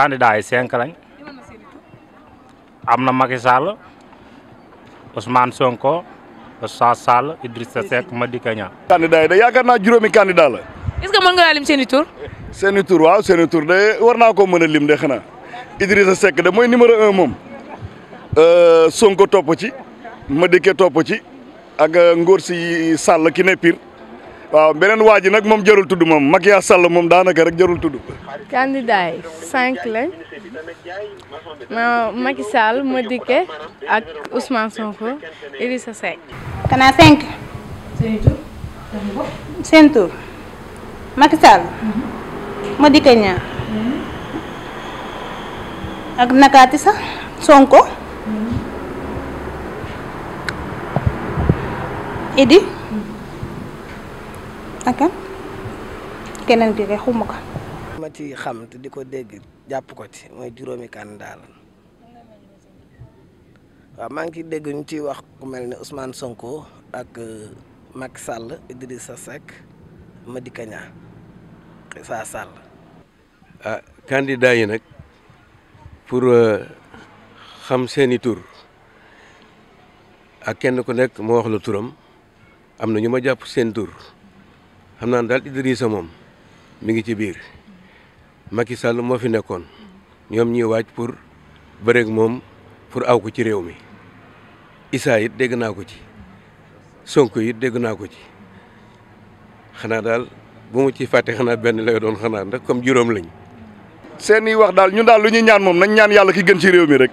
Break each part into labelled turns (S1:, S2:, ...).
S1: candidat yi cinq lañ am na Macky Sall Ousmane Sonko Oustaz Sall Idrissa Seck Madické Niang.
S2: candidat yi de yaakaar naa juróomi candidat est-ce que mën nga lim seen i seen i waaw seen i de war naa koo mën a lim de xanaa Idrissa Seck de mooy numéro un moom euh, Sonko topp ci Madické topp ci ak euh, Ngor si ki ne waaw beneen waa ji nag moom jarul tudd moom Makia Sall moom daanaka rek jarul tudd.
S3: candidat cinq lañ ma Macky Sall Madické ak Ousmane Sonko Idrissa Seck. cinq. seen tur. seen tur. Macky Sall. Mhm. Madické ñaar. Mhm. ak nakaati sax Sonko. Mhm. Idi.
S2: ak
S4: ma ci xam te di ko dégg jàpp ko ci mooy juróomi candidat la maa ngi ciy dégg ñu ciy wax ku mel ni usmaan Sonko ak euh, Macky Sall Idrissa Seck Madické Niang Issa Sall.
S2: ah candidat yi nag pour euh, xam seeni tur ak kenn ku nekk moo wax la turam am na ñu ma jàpp seen tur. xam naa daal Idrissa moom mi ngi ci biir Macky Sall moo fi nekkoon ñoom ñuy waaj pour bëreeg moom pour aw ko ci réew mi Issa yit dégg naa ko ci Sonko yit dégg naa ko ci xanaa daal bu mu ci fàtte xanaa benn lay doon xanaa ndax comme juróom lañ. seen i wax daal ñun daal lu ñuy ñaan moom nañ ñaan yàlla ki gën ci réew mi rek.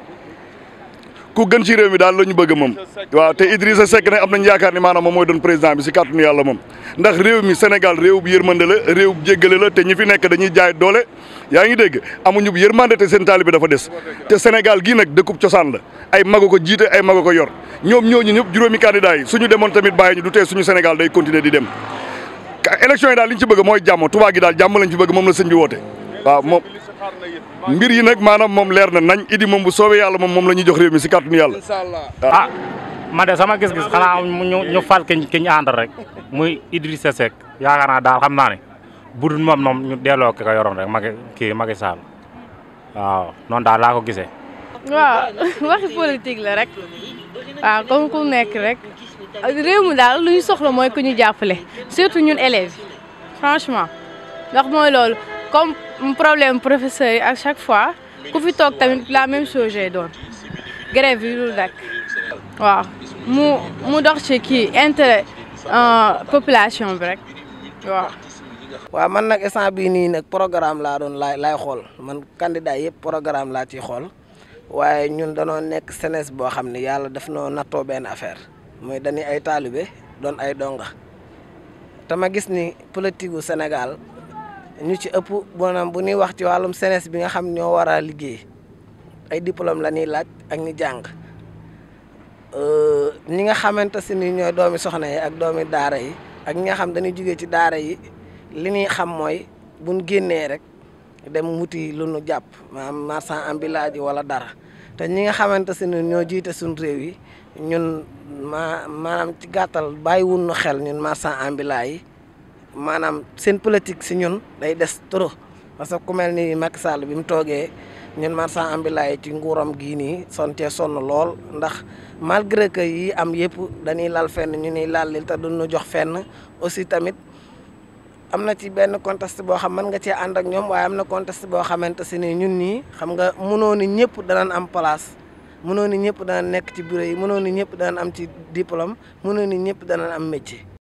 S2: ku gën ci réew mi daal la ñu bëgg moom waaw te Idrissa Seck nag am nañu yaakaar ni maanaam moom mooy doon président bi si kàttanu yàlla moom ndax réew mi Sénégal réew bu yërmande la réew bu jéggale la te ñi fi nekk dañuy jaay doole yaa ngi dégg amuñu bu yërmande seen taalibe dafa des te Sénégal gii nag dëkkub cosaan la ay mago ko jiite ay mago ko yor ñoom ñooñu ñëpp juróomi candidat yi suñu demoon tamit bàyyi ñu du tee suñu Sénégal day continuer di dem élection yi daal li ñu mooy jàmm Touba gi jàmm lañ ci bëgg moom la sëñ bi mbir yi nag maanaam moom leer na nañ idi moom bu soobee yàlla moom moom la ñuy jox réew mi si kàttanu yàlla.
S1: Ah. ah ma de sama gis-gis xanaa ñu ñu fal kiñ kiñ àndal rek muy Idrissa Seck yaakaar naa daal xam naa ne bu dul moom moom ñu delloo ki ko yoroon rek Macky kii Macky Sall waaw noonu daal laa ko gisee.
S3: waaw waxi politique la rek waaw comme ku nekk rek réew mi daal lu ñu soxla mooy ku ñu jàppale surtout ñun élèves franchement ndax mooy loolu comme. problème professeur yi à chaque fois ku fi toog tamit la même chose lay doon grève yi lu dakk waaw mu dox ci kii intérêt euh, population bi rek
S4: waaw. man nag instant bii nii nag programme laa doon laay laay xool man candidat yëpp programme laa ciy xool waaye ñun danoon nekk senes boo xam ne yàlla def noo nattoo benn affaire mooy dañuy ay taalibe doon ay donga te gis ni politique gu Sénégal. ñu ci ëpp maanaam bu ñuy wax ci wàllum senes bi nga xam ñoo war a liggéey ay diplôme la ñuy laaj ak ñu jàng euh, ñi nga xamante si ni ñooy doomi soxna yi ak doomi daara yi ak ñi nga xam dañuy jugee ci daara yi li ñuy xam mooy buñ génnee rek dem wuti lu nu jàpp maanaam marchand ambulant ji wala dara te ñi nga xamante si ni ñoo jiite suñ réew yi ñun ma maanaam ci gàttal bàyyi wun nu xel ñun marchand ambulant yi maanaam seen politique si ñun day des trop parce que ku mel ni Macky Sall bi mu toogee ñun marchand ambulant ci nguuram gii nii sontee sonn lool ndax malgré que yi am yëpp dañuy lal fenn ñu ni lallil te duñu jox fenn aussi tamit am na ci benn contexte boo xam mën nga cee ànd ak ñoom waaye am na contexte boo xamante si ni ñun ñii xam nga mënoo ni ñëpp danañ am place mënoo ni ñëpp danañ nekk ci bureau yi mënoo ni ñëpp danañ am ci diplôme mënoo ni ñëpp danañ am métier